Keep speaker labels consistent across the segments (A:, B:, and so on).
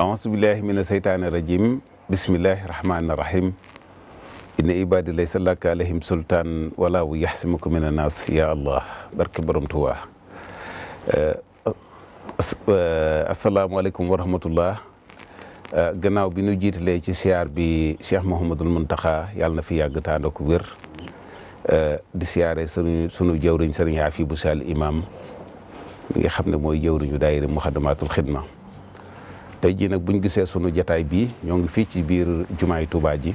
A: aousubillahi min aseytaani rajim bismillahi rahmaani rahim inna ibadi laysa laka alayhim sultaan wala wu yaxsimuka min annaas ya allah barke borom Tuubaa eh, asalaamualeykum wa rahmatullah eh, gannaaw bi nu jiitalee ci siyaar bi Cheikh Mouhamadul Muntaxa yàlla na fi yàgg tànd ak wér eh, di siyaare sunu sunu jëwriñ sëriñ Afi bu Sall imam mi nga xam ne mooy jëwriñu daayira Muxaddamaatul Xidma tey jii nag buñ gisee sunu jataay bii ñoo ngi fii ci biir jumaay Tuubaa ji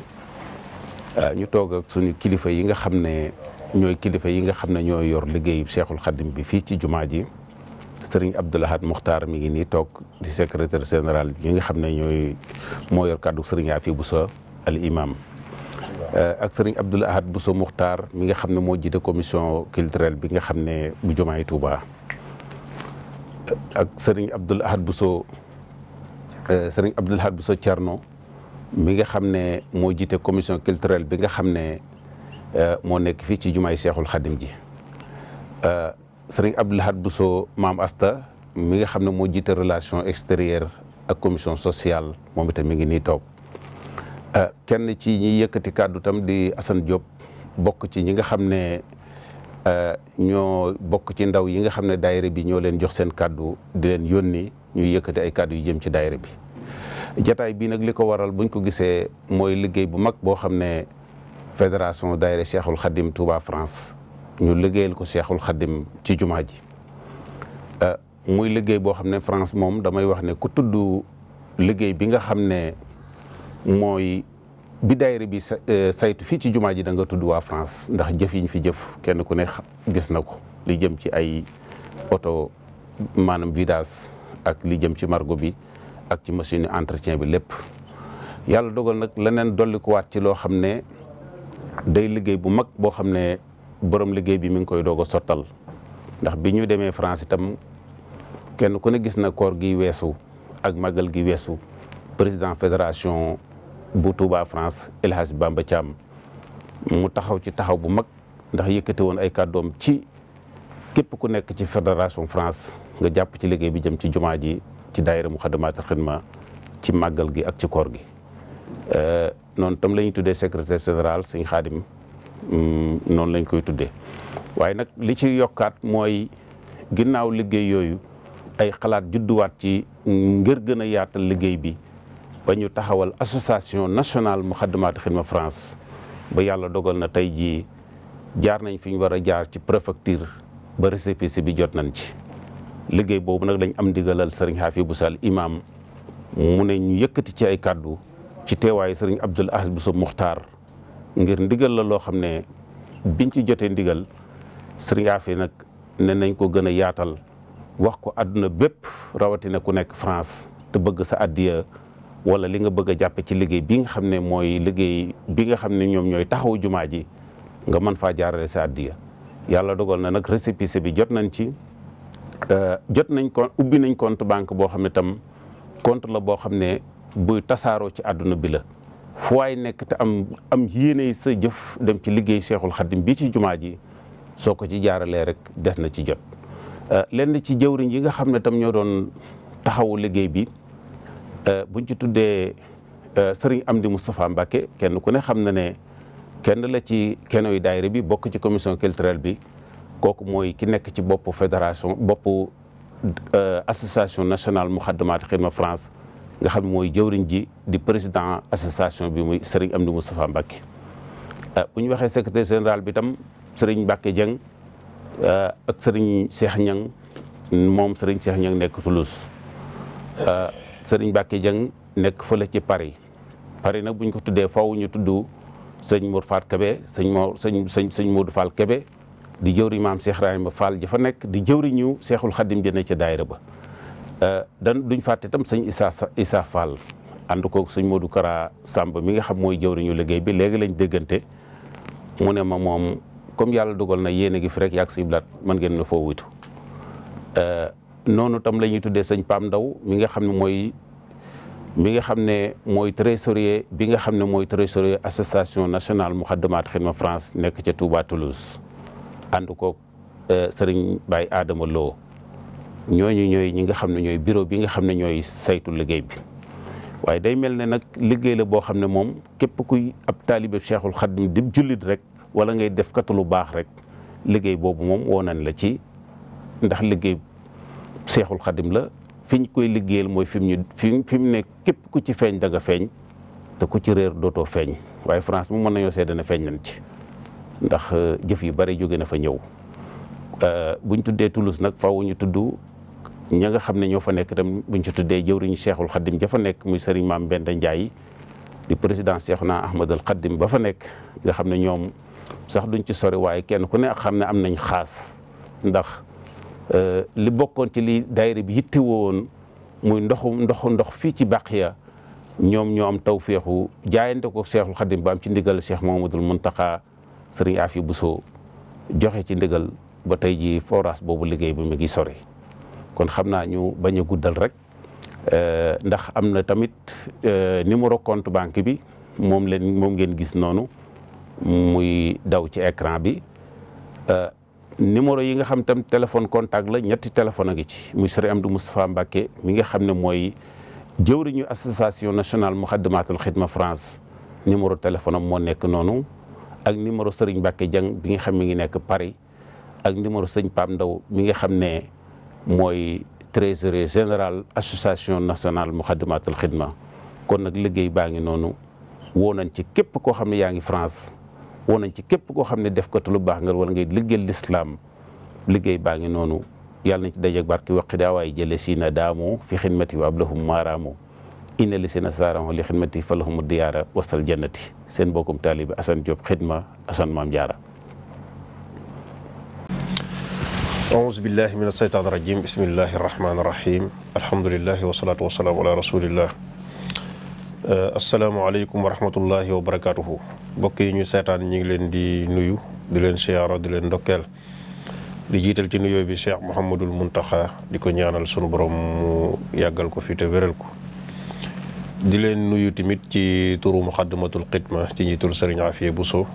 A: euh, ñu toog ak suñu kilifa yi nga xam ne ñooy kilifa yi nga xam ne ñooy yor liggéeyu Seexul Xadim bi fii ci jumaa ji sëriñ Abdoul Ahad Mokhtar mi ngi nii toog di secrétaire général yi nga xam ne ñooy moo yor kàddu sëriñ Afi Bousso al imam euh, ak sëriñ Abdoul Ahad Bousso Mokhtar mi nga xam ne moo jiite commission culturelle bi nga xam ne bu jumaay Tuubaa euh, ak sëriñ Abdoul Ahad Bousso Euh, sëriñ Abdoul Ahad Bousso Thierno mi nga xam ne moo jiite commission culturelle bi nga xam ne euh, moo nekk fii ci jumaay Seexul Xadim ji euh, sëriñ Abdoul Ahad Bousso maam Asta mi nga xam ne moo jiite relation extérieure ak commission sociale moom itam mi ngi nii toog kenn ci ñi yëkkati kàddu tam di Assane Diop bokk ci ñi nga xam ne ñoo bokk ci ndaw yi nga xam ne daayira bi ñoo leen jox seen kàddu di leen yónni ñuy yëkkati ay kàddu yu jëm ci daayira bi jataay bii nag li ko waral buñ ko gisee mooy liggéey bu mag boo xam ne fédération daayira Cheikhul Khadim Touba France ñu liggéeyal ko Cheikhul Khadim ci jumaa ji euh, muy liggéey boo xam ne France moom damay wax ne ku tudd liggéey bi nga xam ne mooy bi daayira bi euh, saytu fii ci jumaa ji da nga tudd waa France ndax jëf yiñ fi jëf kenn ku ne gis na ko li jëm ci ay oto maanaam vidas ak li jëm ci margo bi ak ci machine entretien bi lépp yàlla dogal nag leneen dollikuwaat ci loo xam ne day liggéey bu mag boo xam ne borom liggéey bi mi ngi koy doog a sottal ndax bi ñu demee France tam kenn ku ne gis na koor gi weesu ak màggal gi weesu président fédération bu Touba France El Hadj Bamba Thiam mu taxaw ci taxaw bu mag ndax yëkkati woon ay kàddoom ci képp ku nekk ci fédération France nga jàpp ci liggéey bi jëm ci jumaa ji ci daayira Muxaddamaatul Xidma ci màggal gi ak ci koor gi euh, noonu tam lañuy tuddee secretaire général sëñ Xaadim mm, noonu lañ koy tuddee waaye nag li ci yokkaat mooy ginnaaw liggéey yooyu ay xalaat judduwaat ci ngër gën a yaatal liggéey bi ba taxawal association nationale Muxaddamaatul Xidma France ba yàlla dogal na tey jii jaar nañ fi ñu war a jaar ci préfecture ba récépissé bi jot nañ ci liggéey boobu nag lañ am ndigalal sëriñ Xaafi bu Sall imaam mu ne yëkkati ci ay kàddu ci teewaayu sëriñ Abdul Ahad Bousso Muxtaar ngir ndigal la loo xam ne biñ ci jotee ndigal sëriñ Xaafi nag ne nañ ko gën a yaatal wax ko àdduna bépp rawatina ku nekk France te bëgg sa addiya wala li nga bëgg a jàppe ci liggéey bi nga xam ne mooy liggéey bi nga xam ne ñoom ñooy taxaw jumaa ji nga mën faa jaarale sa addiya yàlla dogal na nag récépissé bi jot nañ ci Euh, jot nañ ko ubbi nañ compte banque boo xam ne tam compte la boo xam ne buy tasaaroo ci àdduna bi la fu waay nekk te am am yéene sa jëf dem ci liggéey Cheikhul Khadim bi ci jumaa ji soo ko ci jaaralee rek des na ci jot euh, lenn ci jëwriñ yi nga xam ne tam ñoo doon taxawu liggéey bi euh, buñ ci tuddee am Amdi Moustapha Mbacke kenn ku ne xam na ne kenn la ci keno yi daayira bi bokk ci commission culturelle bi kooku mooy ki nekk ci boppu fédération boppu euh, association nationale Moukhaddamatoul ma France nga xam mooy jëwriñ ji di président association bi muy Serigne Amdi Moustapha Mbacke euh, bu ñu waxee secrétaire général bi tam Serigne Mbacke Dieng euh, ak Serigne Cheikh Niang moom Serigne Cheikh Niang nekk Toulouse Serigne Mbacke Dieng nekk fële ci Paris Paris nag buñ ñu ko tuddee faaw ñu tudd sëñ Mour Fall Kébé sëñ Mor sëñ sëñ Modou Fall Kébé di jëwriñ maam Cheikh Rahima Fall ja fa nekk di jëwriñu seexul Khadim ja ne ca daayira ba euh, dan duñ fàtte tam sëñ Issa Issa Fall ànd koog sëñ Modou Kara Samb mi nga xam mooy jëwriñu liggéey bi léegi lañ déggante mu ne ma moom comme yàlla dogal na yéen a ngi rek yàgg si iblaat mën ngeen na foo witu euh, noonu tam la ñuy tuddee sëñ Pam Ndaw mi nga xam ne mooy mi nga xam ne mooy trésorier bi nga xam ne mooy trésorier association nationale Muxaddamaat ma France nekk ca Touba Toulouse ànd ko euh, sëriñ Baye Adama Lo ñooñu ñooy ñi nga xam ne ñooy bureau bi nga xam ne ñooy saytu liggéey bi waaye day mel ne nag liggéey la boo xam ne moom képp kuy ab taalibe Cheikhul Khadim di jullit rek wala ngay def katu lu baax rek liggéey boobu moom woo nañ la ci ndax liggéey Cheikhul Khadim la fi ñu koy liggéeyal mooy fi ñu fi mu ne képp ku ci feeñ da nga feeñ te ku ci réer dootoo feeñ waaye France mu mën nañoo seede ne feeñ nañ ci. ndax euh, jëf yu bari jóge na fa ñëw euh, buñ tuddee Toulouse nag faaw ñu tudd ña nga xam ne ñoo fa nekk tam buñ ci tuddee jëwriñu Cheikhul Khadim ja fa nekk muy Serigne Mame Mbenda Ndiaye di président Cheikhouna Ahmadul Khadim ba fa nekk nga xam ne ñoom sax duñ ci sore waaye kenn ku ne xam ne am nañ xaas ndax euh, li bokkoon ci li daayira bi yitte woon muy ndoxu ndoxu ndox fii ci Baqiya ñoom ñoom taw tawféexu jaayante ko Cheikhul Khadim ba am ci ndigal Cheikh Mamadul Muntaqa sëriñ Afi Bousso joxe ci ndigal ba tey ji forage boobu liggéey bi mu ngi sore kon xam naa ñu bañ a guddal rek eh, ndax am na tamit eh, numéro compte banque bi moom leen moom ngeen gis noonu muy daw ci ecran bi eh, numéro yi nga xam tam téléphone contact la ñetti téléphone ngi ci muy sëriñ Amdou Moustapha Mbacké mi nga xam ne mooy jëwriñu association nationale Muxaddamatul Xidma France numéro téléphone am moo nekk noonu ak numéro Serigne Mbacke jang bi nga xam mi ngi nekk pari ak numéro sëñ Pam Ndaw mi nga xam ne mooy trésorier général association nationale Moukhaddamatoul Khidma kon nag liggéey baa ngi noonu woo nañ ci képp koo xam ne yaa ngi France woo nañ ci képp koo xam ne def ko te lu baax nga wala ngay liggéeyal lislaam liggéey baa ngi noonu yal nañ ci dajeeg barki waqi daa waaye jële sii na daamoo fi xidmati wa ablahum maaraamoo inna li seen asaaraam li xidmati fa lahumu diyaara wasal jannati seen bokkum taalibi asan Diop
B: xidma Assane Maam Jaara aouzu billahi min asaytaan rajim bismillahi rahmaani wa rahmatullahi wa uh, mbokk yi ñu seetaan ñu ngi leen di nuyu di leen siyaara di leen ndokkeel di jiital ci nuyoo bi Cheikh Mouhamadul Muntaxa di ko ñaanal sunu borom mu yàggal ko fi te wéral ko di leen nuyu tamit ci turu muxaddamatul xidma ci njiitul sëriñ Afiya Buso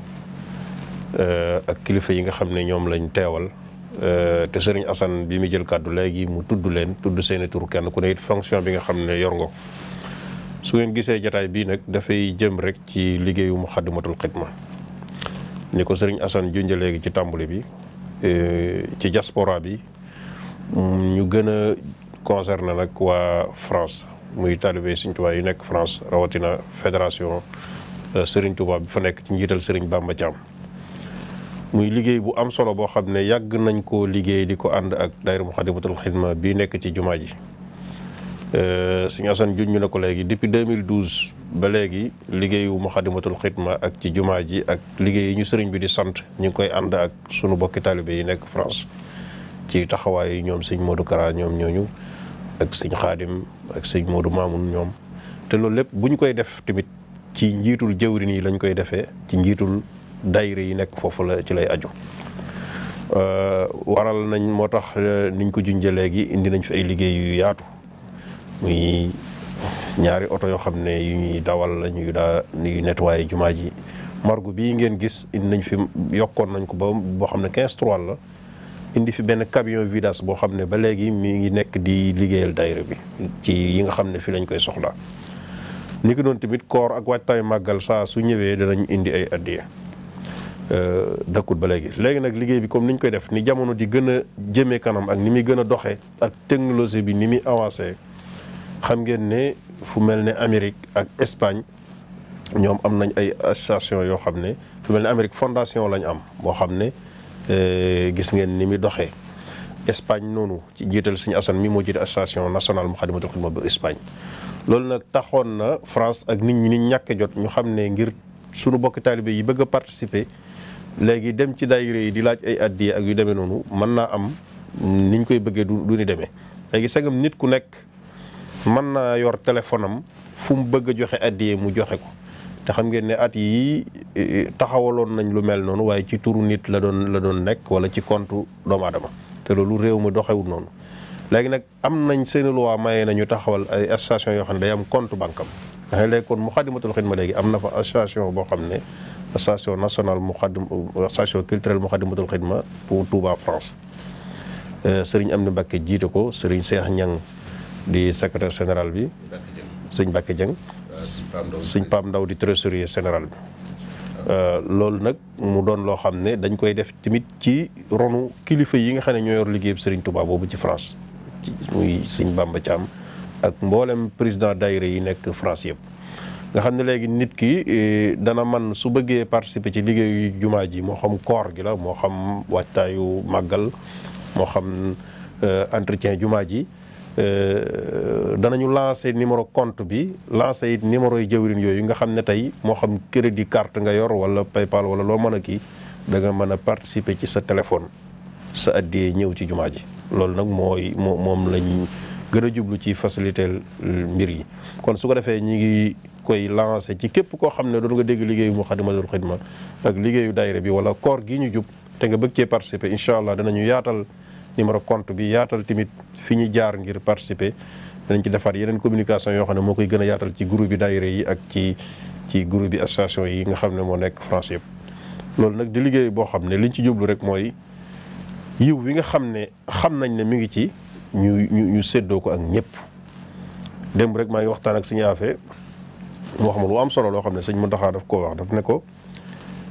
B: eh, ak kilifa yi nga xam ne ñoom lañ teewal eh, te sëriñ Assane bi mu jël kàddu léegi mu tudd leen tudd seeni tur kenn ku ne it fonction bi nga xam ne yor nga su ngeen gisee jataay bii nag dafay jëm rek ci liggéeyu muxaddamatul xidma ni ko sëriñ Assane junjee léegi ci tàmbali bi eh, ci diaspora bi mm, ñu gën a concerné nag waa France muy taalibe Sëriñ Tuubaa yi nekk France rawatina fédération euh, Sëriñ Tuubaa bi fa nekk ci njiital Sëriñ Bamba Thiam muy liggéey bu am solo boo xam ne yàgg nañ ko liggéey di ko ànd ak daayira Muxaddamatul Xidma bi nekk ci jumaa ji euh, Sëriñ Asan junj na ko léegi depuis 2012 ba léegi liggéeyu Muxaddamatul Xidma ak ci jumaa ji ak liggéey yi ñu sëriñ bi di sant ñu ngi koy ànd ak sunu bokki taalibe yi nekk France ci taxawaay yi ñoom sëñ Modou Kara ñoom ñooñu ak sëñ Xaadim ak sëñ Modou Mamoun ñoom te loolu lépp bu koy def tamit ci njiitul jëwrin yi lañ koy defee ci njiitul daayira yi nekk foofu la ci lay aju euh, waral nañ moo tax euh, niñ ko junjee leegi indi nañ fi ay liggéey yu yaatu muy ñaari oto yoo xam ne yu ñuy dawal la ñuy daa ñuy nettoyé jumaa ji margo bii ngeen gis indi nañ fi yokkoon nañ ko ba boo xam ne 15 3 la indi fi benn camion vidange boo xam ne ba léegi mi ngi nekk di liggéeyal daayira bi ci yi nga xam ne fii lañ koy soxla ni ki doon tamit koor ak waajtaay màggal saa su ñëwee danañu indi ay addiya euh, dëkkul ba léegi léegi nag liggéey bi comme ni ñu koy def ni jamono di gën a jëmee kanam ak ni muy gën a doxee ak technologie bi ni muy avancé xam ngeen ne fu mel ne Amérique ak Espagne ñoom am nañ ay association yoo xam ne fu mel ne Amérique fondation lañ am boo xam ne. Euh, gis ngeen ni muy doxee Espagne noonu ci jiital suñu asan mi moo jiite association nationale Moukhaddamatoul Khidma bu Espagne. loolu nag taxoon na France ak nit ñi ni ñàkk jot ñu xam ne ngir suñu bokki taalibe yi bëgg a participer léegi dem ci daayira yi di laaj ay addiye ak yu demee noonu mën naa am niñ koy bëggee du du ni demee léegi sagam nit ku nekk man naa yor téléphone am fu mu bëgg joxe addiye mu joxe ko. te xam ngeen ne at yi e, e, taxawaloon nañ lu mel noonu waaye ci tuuru nit la doon la doon nekk wala ci compte doomu aadama te loolu réew mi doxewul noonu léegi nag am nañ seen loi maye nañu taxawal ay association yoo xam ne day am compte banque am ndax léegi kon Muxaddamatul Xidma léegi am na fa association boo xam ne association nationale mu Muxaddam association culturelle Muxaddamatul Xidma pour Touba France euh, Serigne Amdi Mbacké jiite ko Serigne Cheikh Niang di secrétaire général bi sëñ Mbacke Dieng sëñ Pam Ndaw di trésorier général bi euh, loolu nag mu doon loo xam ne dañ koy def tamit ci ronu kilifa yi nga xam ne ñoo yor liggéeyub Serigne Touba boobu ci France ci muy sëñ Bamba Thiam ak mboolem président daayira yi nekk France yëpp nga xam ne léegi nit ki e, dana man su bëggee participer ci liggéeyu jumaa ji moo xam koor gi la moo xam waajtaayu màggal moo xam euh, entretien jumaa ji Euh, danañu lancer numéro compte bi lancer it numéro yi jëwriñ yooyu nga xam ne tey moo xam crédit carte nga yor wala Paypal wala loo mën a kii da nga mën a participer ci sa téléphone sa addiyee ñëw ci jumaa ji loolu nag mooy moom lañ gën a jublu ci faciliter mbir yi kon su ko defee ñi ngi koy lancé ci képp koo xam ne doon nga dégg liggéeyu Moukhaddamatoul Khidma ak liggéeyu daayira bi wala koor gi ñu jub te nga bëgg cee participer incha allah danañu yaatal numéro compte bi yaatal tamit fi ñu jaar ngir participer dañ ci defar yeneen communication yoo xam ne moo koy gën a yaatal ci groupe bi daayira yi ak ci ci groupe bi association yi nga xam ne moo nekk France yëpp. loolu nag di liggéey boo xam ne liñ ci jublu rek mooy yiw wi nga xam ne xam nañ ne mi ngi ci ñu ñu séddoo ko ak ñëpp démb rek maa ngi waxtaan ak suñu affaire mu wax ma lu am solo loo xam ne sëñ Mountakha daf koo wax daf ne ko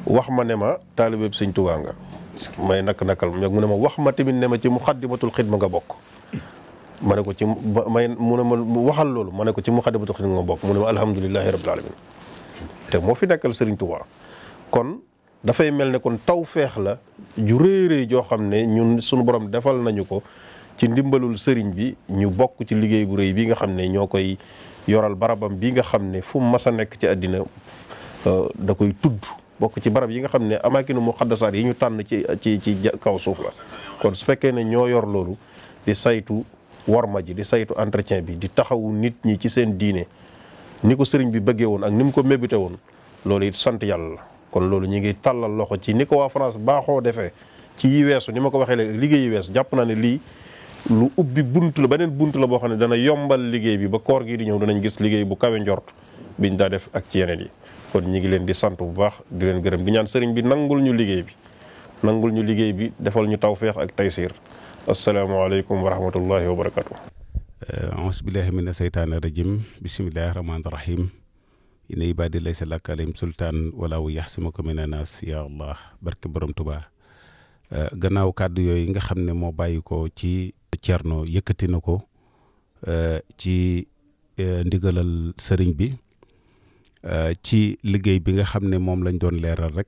B: wax ma ne ma taalibeeb sëñ Tuubaa nga may nakk-nakal mu ne ma wax ma tamit ne ma ci muxaddimatul xidma nga bokk ma ne ko ci may mu ne ma waxal loolu ma ne ko ci muxaddimatul xidma nga bokk mu ne ma alhamdulilahi rabbil alamin te moo fi nekkal Serigne Touba kon dafay mel ne kon taw feex la ju réeréy joo xam ne ñun suñu borom defal nañu ko ci ndimbalul sëriñ bi ñu bokk ci liggéey bu rëy bii nga xam ne ñoo koy yoral barabam bii nga xam ne fu mu mas a nekk ci àddina euh, da koy tudd bokk ci barab yi nga xam ne amaakinu muqaddasaat yi ñu tànn ci ci ci kaw suuf la kon su fekkee ne ñoo yor loolu di saytu warma ji di saytu entretien bi di taxawu nit ñi ci seen diine ni ko sëriñ bi bëggee woon ak ni mu ko mébite woon loolu it sant yàlla la kon loolu ñu ngi tàllal loxo ci ni ko waa France baaxoo defee ci yi weesu ni ma ko waxee léegi liggéey yi weesu jàpp naa ne lii lu ubbi bunt la beneen bunt la boo xam ne dana yombal liggéey bi ba koor gi di ñëw danañ gis liggéey bu kawe njort biñ daa def ak ci yeneen yi kon ñu ngi leen di sant bu baax di leen gërëm di ñaan sëriñ bi nangul ñu liggéey bi nangul ñu liggéey bi defal ñu tawféex ak taysiir asalaamaaleykum wa rahmatullahi wa barakatu euh,
A: ausbillahi mina seytaani rajim
B: bisimillahi
A: ma rahim ina ibaadi laysa lak alayhim sultaan wala wu yaxsimaka mina naas ya allah barke borom tubaa euh, gannaaw kàddu yooyu nga xam ne moo bàyyi ko ci cerno yëkkati na ko euh, ci ndigalal sëriñ bi Euh, ci liggéey bi nga xam ne moom lañ doon leeral rek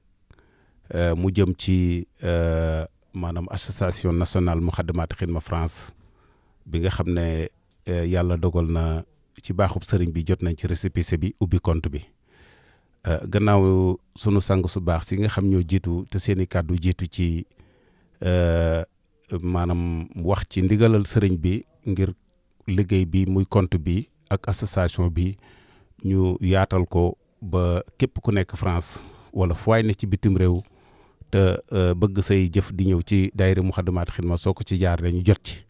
A: euh, mu jëm ci euh, maanaam association nationale Moukhaddamatoul ma France bi nga xam ne yàlla dogal na ci baaxub sëriñ bi jot nañ ci récépissé bi ubbi compte bi gannaaw sunu sang su baax si nga xam ñoo jiitu te seen i kàddu jiitu ci maanaam wax ci ndigalal sëriñ bi ngir liggéey bi muy compte bi ak association bi ñu yaatal ko ba képp ku nekk France wala fu waay ne ci bitim réew te euh, bëgg say jëf di ñëw ci daayira Muxaddamatul ma soo ko ci jaar dañu jot ci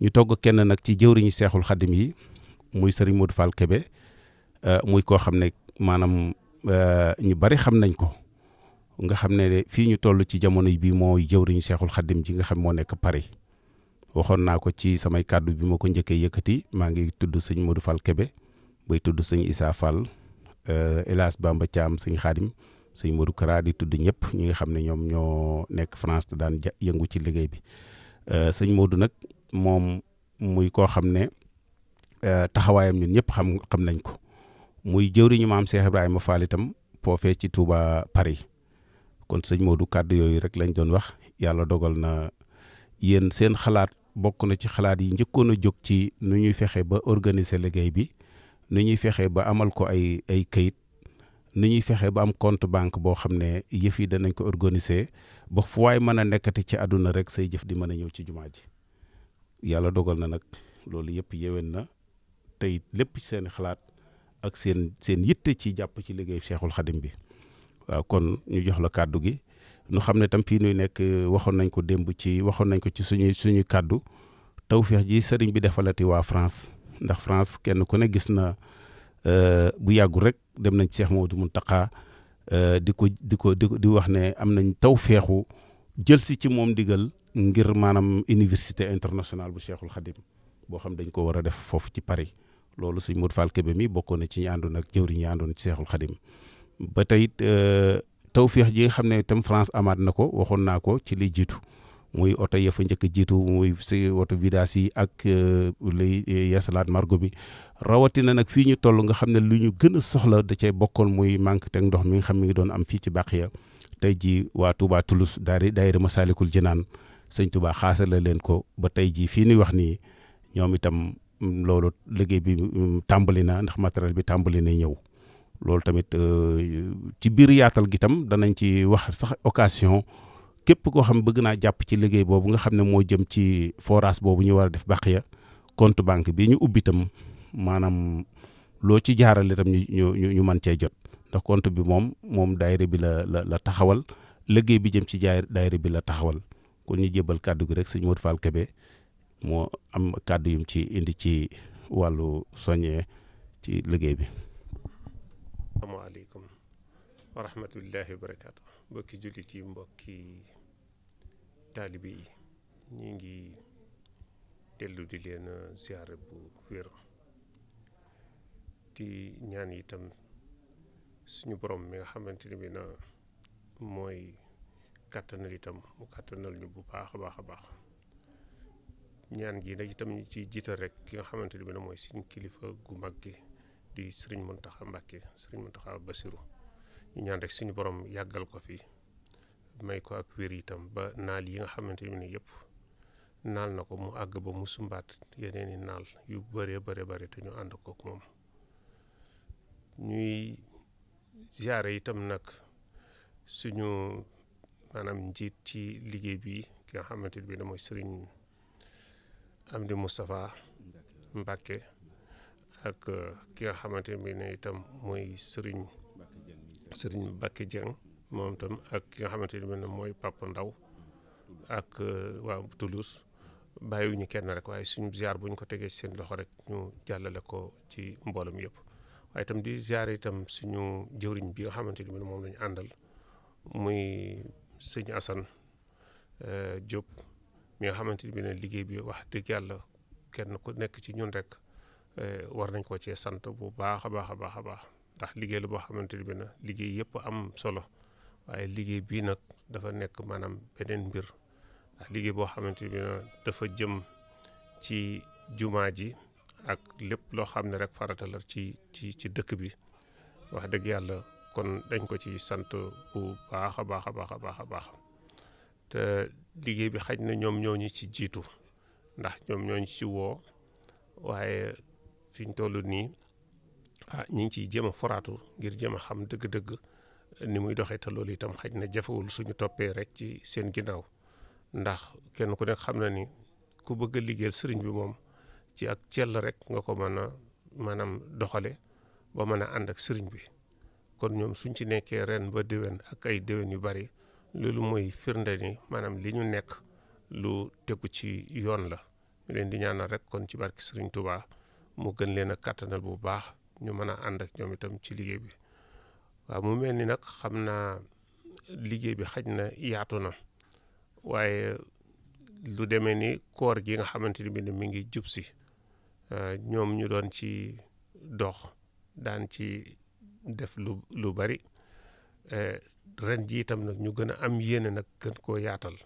A: ñu togg kenn nag ci jëwriñu seexul xadim yi muy sëriñ Modou Fall Kébé euh, muy koo xam ne maanaam euh, ñu bari xam nañ ko nga xam ne fii ñu toll ci jamono bii mooy jëwriñu seexul xadim ji nga xam moo nekk Paris waxoon naa ko ci samay kàddu bi moo ko njëkkee yëkkati maa ngi tudd sëñ Modou Fall Kébé buy tudd sëñ Issa Fall euh, Elaas Bamba am sëñ Xaadim sëñ Modou Kara di tudd ñëpp ñi nga xam ne ñoom ñoo nekk France te daan yëngu ci liggéey bi euh, sëñ Modou nag moom muy koo xam ne euh, taxawaayam ñun ñëpp xam xam nañ ko muy jëwriñu maam Cheikh Ibrahima Fall itam foofee ci Touba Paris kon sëñ moodu kàddu yooyu rek lañ doon wax yàlla dogal na yéen seen xalaat bokk na ci xalaat yi njëkkoon a jóg ci nu ñuy fexe ba organiser liggéey bi ni ñuy fexe ba amal ko ay ay kayit ni ñuy fexe ba am compte banque boo xam ne yëf yi danañ ko organiser ba fu waay mën a nekkati ci àdduna rek say jëf di mën a ñëw ci jumaa ji yàlla dogal na nag loolu yëpp yéwén na tey lépp seen xalaat ak seen seen yitte ci jàpp ci liggéey seexul Khadim bi waaw kon ñu jox la kàddu gi nu xam ne tam fii nuy nekk waxoon nañ ko démb ci waxoon nañ ko ci suñuy suñuy kàddu tawféex ji sëriñ bi defalati waa France ndax France kenn ku ne gis na euh, bu yàggul rek dem nañ Cheikh Maodo Mountakha euh, di ko di ko di di wax ne am nañ taw feexu jël si ci moom digal ngir maanaam université internationale bu seexul Khadim boo xam dañ ko war a def foofu ci Paris loolu suñ Modou Fall Kébé mi bokkoon na ci ñi nag ak jëwriñ ñi àndoon ci Cheikhul Khadim ba tey euh, taw feex ji nga xam ne itam France amaat na ko waxoon naa ko ci lii jiitu muy oto ya fa njëkk a jiitu muy si oto vidas yi ak euh, luy euh, yeesalaat margo bi rawatina nag fii ñu toll nga xam ne lu ñu gën a soxla da cee bokkoon muy manque teg ndox mi nga xam mi ngi doon am fii ci Baxiya tey jii waa Touba Toulouse daari daayira Masaalikul Jinaan sëñ Touba xaasala leen ko ba tey jii fii ñuy wax nii ñoom itam mm, loolu liggéey bi mm, tàmbali na ndax matériel bi tàmbali na ñëw loolu tamit euh, ci biir yaatal gi tam danañ ci wax sax occasion képp koo xam ne bëgg naa jàpp ci liggéey boobu nga xam ne moo jëm ci forage boobu ñu war a def Baxiya compte banque bi ñu ubbi tam maanaam loo ci jaaral tam ñu ñu ñu man cee jot ndax compte bi moom moom daayira bi la la taxawal liggéey bi jëm ci jaay daayira bi la taxawal ko ñu jébal kàddu gi rek sëñ Modou Fall Kébé moo am kàddu yum ci indi ci wàllu soññee ci liggéey bi.
C: asalaamaaleykum wa rahmatullahi wa barakaatu mbokki jullit taalibe yi ñu ngi dellu di leen siyaare bu wér di ñaan itam suñu boroom mi nga xamante ni bi na mooy kàttanal itam mu kàttanal ñu bu baax a baax a baax ñaan gi nag itam ñu ci jiital rek ki nga xamante ni bi na mooy suñu kilifa gu mag gi di sëriñ Muntaxa Mbàkke sëriñ Muntaxa Basiru ñaan rek suñu borom yàggal ko fii may ko ak wér itam ba naal yi nga xamante ne yëpp naal na ko mu àgg ba mu sumbaat yeneen i naal yu bëree bëri bëri te ñu ànd kook moom ñuy ziare itam nag suñu maanaam njiit ci liggéey bi ki nga xamante ne bii mooy sëriñ Amdi Moustapha Mbacke ak ki nga xamante ne bii mooy sëriñ sëriñ Mbacke moom itam ak ki nga xamante ne bii mooy Papa Ndaw ak euh, waa Toulouse bàyyiwuñu kenn rek waaye suñu ziar bu ñu ko tegee ci seen loxo rek ñu jàllale ko ci mboolem yëpp. waaye tam di ziar itam suñu jëwriñ bi nga xamante ne bii moom lañu àndal muy sëñ Assane euh, Diop mi nga xamante ne bii liggéey bi wax dëgg yàlla kenn ku nekk ci ñun rek. Euh, war nañ ko cee sant bu baax a baax baax a baax ndax liggéey la boo xamante ne bi na liggéey yëpp am solo waaye liggéey bii nag dafa nekk maanaam beneen mbir ndax liggéey boo xamante ni dafa jëm ci jumaa ji ak lépp loo xam ne rek farata ci ci ci dëkk bi wax dëgg yàlla kon dañ ko ci sant bu baax a baax a baax a baax a baax te liggéey bi xaj na ñoom ñooñu ci jiitu ndax ñoom ñoo ñu ci woo waaye fiñ toll nii ah ñu ngi ciy jëm a foraatu ngir jëm a xam dëgg-dëgg. ni muy doxee te loolu itam xaj na jafewul suñu toppee rek ci seen ginnaaw ndax kenn ku nekk xam na ni ku bëgg a liggéeyal sëriñ bi moom ci ak cell rek nga ko mën a maanaam doxale ba mën a ànd ak sëriñ bi kon ñoom suñ ci nekkee ren ba déwén ak ay déwén yu bari loolu mooy firnde ni maanaam li ñu nekk lu tegu ci yoon la ñu leen di ñaanal rek kon ci barki sëriñ tubaa mu gën leen ak kàttanal bu baax ñu mën a ànd ak ñoom itam ci liggéey bi waaw mu mel ni nag xam naa liggéey bi xaj na yaatu na waaye lu demee ni koor gi nga xamante ni bi ne mi ngi jub si euh, ñoom ñu doon ci dox daan ci def lu lu bari euh, ren ji nag ñu gën a am yéene nag gën ko yaatal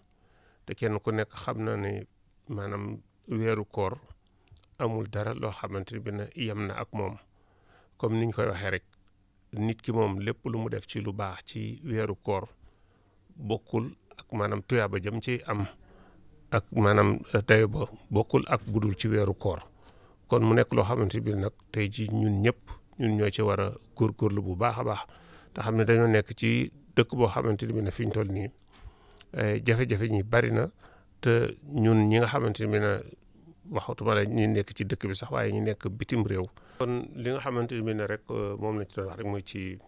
C: te kenn ku nekk xam na ni maanaam weeru koor amul dara loo xamante ni bi ne yem na ak moom comme niñ koy waxee rek nit ki moom lépp lu mu def ci lu baax ci weeru koor bokkul ak maanaam ba jëm ci am ak maanaam dayo eh, ba bokkul ak budul ci weeru koor kon mu nekk loo xamante bi nag tey ji ñun ñëpp ñun ñoo ci war a góorgóorlu bu baax a baax te xam ne dañoo nekk ci dëkk boo xamante ni bi ne fi ñu toll nii eh, jafe-jafe ñi bari na te ñun ñi nga xamante ni bi ne waxatuma la ñi nekk ci dëkk bi sax waaye ñu nekk bitim réew. kon li nga xamante bi ne rek euh, moom lañ ci rek mooy ci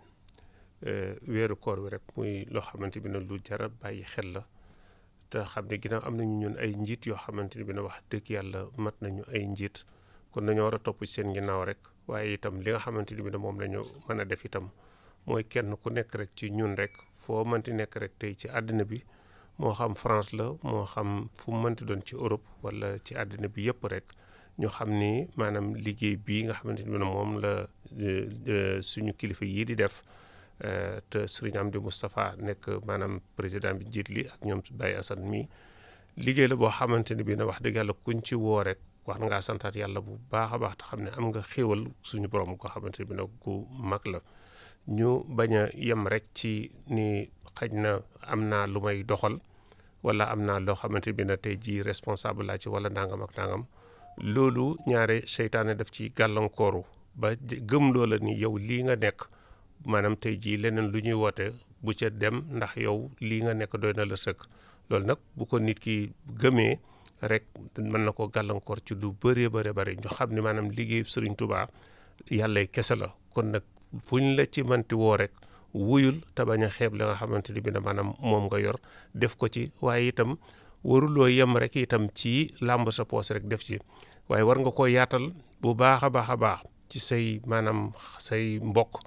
C: euh, weeru koor rek muy loo xamante bi ne jara bàyyi xel la te xam ne ginnaaw am nañu ñun ay njiit yoo xamante ne bi wax dëgg yàlla mat nañu ay njiit kon nañu war a topp seen ginnaaw rek waaye itam li nga xamante ni bi ne moom la ñu mën a def itam mooy kenn ku nekk rek ci ñun rek foo mënti nekk rek tey ci àddina bi. moo xam France la moo xam fu mu mënti doon ci Europe wala ci àddina bi yëpp rek ñu xam ni maanaam liggéey bii nga xamante ni moom la suñu kilifa yii di def euh, te Serigne Amdi Moustapha nekk maanaam président bi njiit li ak ñoom Baye Assane mi liggéey la boo xamante ni bii na wax dëgg yàlla kuñ ci woo rek wax na ngaa santaat yàlla bu baax a baax te xam ne am nga xéewal suñu borom koo xamante ni bi nag gu mag la ñu bañ a yem rek ci ni xaj na am naa lu may doxal wala am na loo xamante bi na tey jii responsable laa ci wala ndàngam ak loolu ñaare seytaane daf ci gàllankooru ba gëm loola ni yow lii nga nekk maanaam tey jii leneen lu ñuy woote bu ca dem ndax yow lii nga nekk doy na la sëkk loolu nag bu ko nit ki gëmee rek mën na ko gàllankoor ci lu bëree bëri bari ñu xam ne maanaam liggéey Sëriñ Tuubaa yàlla kese la kon nag fu ñu la ci mënti woo rek wuyul te bañ a xeeb li nga xamante ni bi ne maanaam moom nga yor def ko ci waaye itam waruloo yem rek itam ci làmb sa poos rek def ci waaye war nga ko yaatal bu baax a baax a baax ci say maanaam say mbokk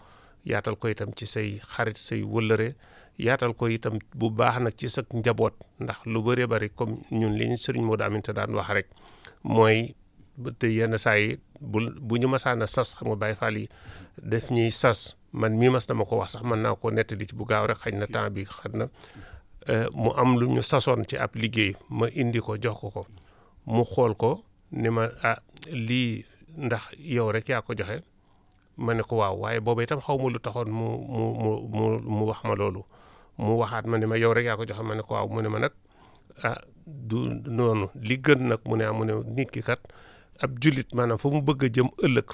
C: yaatal ko itam ci say xarit say yaatal ko itam bu baax nag ci sa njaboot ndax lu bëree bari comme ñun li ñu sëriñ moo daaminta daan wax rek mooy te yenn saa yi bu bu ñu masaan sas xam nga Baye Fall yi def ñuy sas man mii mas ma ko wax sax mën naa ko nettali ci bu gaaw rek xañ na temps bi xam na euh, mu am lu ñu sasoon ci ab liggéey ma indi ko jox ko ko mu xool ko ni ma ah, lii ndax yow rek yaa ko joxe ma ne ko waaw waaye boobu itam xaw ma lu taxoon mu mu mu mu wax ma loolu mu waxaat ma ni ma yow rek yaa ko joxe ma ne ko waaw mu ne ma nag a ah, du noonu li gën nag mu ne ah mu ne nit ki kat ab jullit maanaam foo mu bëgg a jëm ëllëg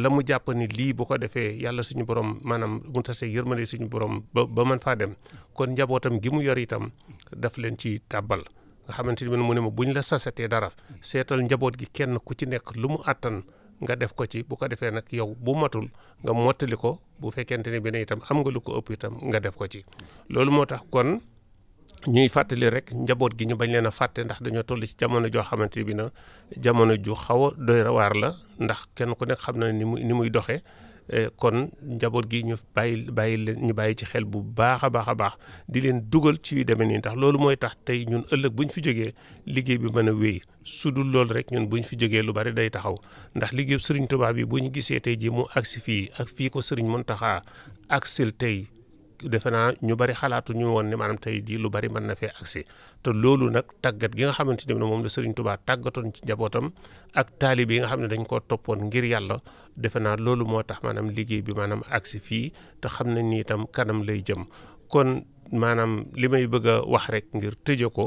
C: la mu jàpp ni lii bu ko defee yàlla suñu borom maanaam mu tasee yërmande suñu borom ba ba mën faa dem kon njabootam gi mu yor itam daf leen ci tàbbal nga xamante ni man mu ne ma buñ la sasatee dara seetal njaboot gi kenn ku ci nekk lu mu àttan nga def ko ci bu ko defee nag yow bu matul nga mottali ko bu fekkente ne beneen itam am nga lu ko ëpp itam nga def ko ci loolu moo tax kon ñuy fàttali rek njaboot gi ñu bañ leen a fàtte ndax dañoo toll ci jamono joo xamante bi na jamono ju xaw a doy waar la ndax kenn ku nekk xam na ni muy ni muy doxee eh, kon njaboot gi ñu bàyyi bàyyi leen ñu bàyyi ci xel bu baax a baax a baax di leen dugal ci yu demee nii ndax loolu mooy tax tey ñun ëllëg bu ñu fi jógee liggéey bi mën a wéy su dul loolu rek ñun bu ñu fi jógee lu bari day taxaw ndax liggéey Serigne tubaab yi bu ñu gisee tey jii mu agsi fii ak fii ko Serigne Mountakha agsil tey defe naa ñu bari xalaatu ñu woon ne maanaam tey jii lu bari mën na fe agsi te loolu nag tàggat gi nga xamante ne moom la Serigne Touba tàggatoon ci njabootam ak taalibe yi nga xam ne dañ koo toppoon ngir yàlla defe naa loolu moo tax maanaam liggéey bi maanaam agsi fii te xam nañ ni itam kanam lay jëm kon maanaam li may bëgg a wax rek ngir tëje ko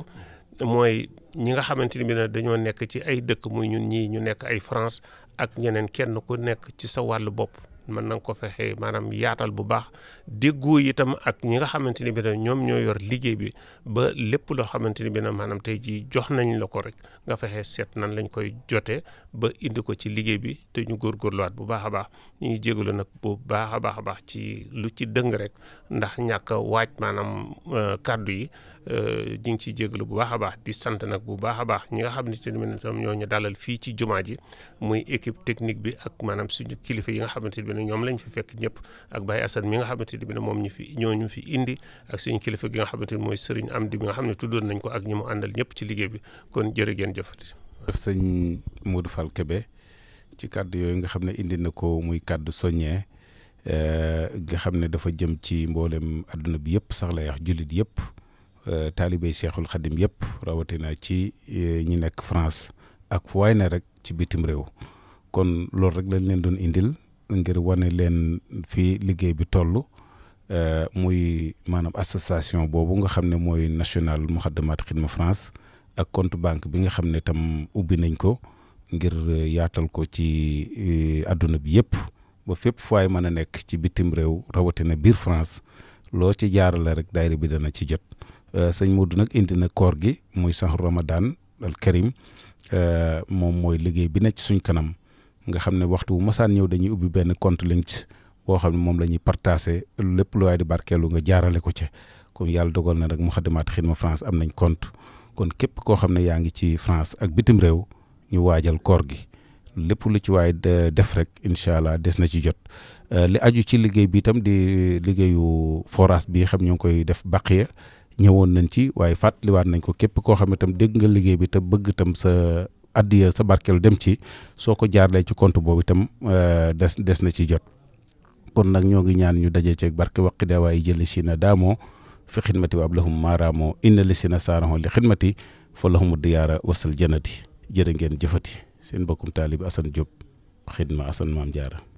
C: mooy ñi nga xamante ni bi dañoo nekk ci ay dëkk muy ñun ñii ñu nekk ay France ak ñeneen kenn ku nekk ci sa wàllu bopp mën na nga ko fexe maanaam yaatal bu baax déggoo itam ak ñi nga xamante ni bi ne ñoom ñoo yor liggéey bi ba lépp loo xamante ni bi ne maanaam tey jii jox nañ la ko rek nga fexe seet nan lañ koy jotee ba indi ko ci liggéey bi te ñu góor góorgóorluwaat bu baax a baax ñu ngi jégalu nag bu baax a baax a baax ci lu ci dëng rek ndax ñàkk waaj maanaam euh, kàddu yi Euh, ñu ngi ciy jégalu bu baax a baax di sant nag bu baax a baax ñi nga xam ne te ne tam ñoo ñu dalal fii ci jumaa ji muy équipe technique bi ak maanaam suñu kilifa yi nga xamante ne bi ñoom lañ fi fekk ñëpp ak Baye Assane mi nga xamante ne bi ne moom ñu fi ñoo ñu fi indi ak suñu kilifa gi nga xamante ne mooy Serigne Amdi bi nga xam ne tuddoon nañ ko ak ñi mu àndal ñëpp ci liggéey bi kon jërë ngeen jëfati
A: def sëñ Modou Fall ci kàddu yooyu nga xam ne indi na ko muy kàddu soññee euh, nga xam ne dafa jëm ci mboolem àdduna bi yëpp sax la yax jullit yëpp Euh, taalibey Cheikhul Khadim yëpp rawatina ci euh, ñi nekk France ak fu waay ne rek ci bitim réew kon loolu rek lañ leen doon indil ngir wane leen fii liggéey bi toll euh, muy maanaam association boobu nga xam ne mooy national muxaddamaat xidma France ak compte banque bi nga xam ne tam ubbi nañ ko ngir yaatal ko ci àdduna bi yëpp ba fépp fu waay mën a nekk ci bitim réew rawatina biir France loo ci jaarale rek daayira bi dana ci jot. Euh, sëñ Modou nag indi na koor gi muy sahru ramadan al karim euh, moom mooy liggéey bi nekk suñ kanam nga xam ne waxtu bu masaan ñëw dañuy ubbi benn compte LinkedIn boo xam ne moom la ñuy partagé lépp lu waay di barkeelu nga jaarale ko ca kon yàlla dogal na nag Moukhaddamatoul ma France am nañ compte kon képp koo xam ne yaa ngi ci France ak bitim réew ñu waajal koor gi lépp lu ci waay def rek incha allah des na ci jot euh, li aju ci liggéey bi itam di liggéeyu forage bi xam ñu ngi koy def baqiya ñëwoon nañ ci waaye fàttaliwaat nañ ko képp koo xam ne tam dégg nga liggéey bi te bëgg tam sa addiya sa barkeelu dem ci soo ko jaarlee ci compte boobu itam euh, des des na ci jot kon nag ñoo ngi ñaan ñu dajee ceeg barke waqi daawaay jëli si na daamoo fi xidmati wa ab lahum maaraamoo inna li si na saaraxoo li xidmati fa lahumu diyaara wasal janati jërë ngeen jëfati seen mbokkum taalib Assane Diop xidma Assane Maam Jaara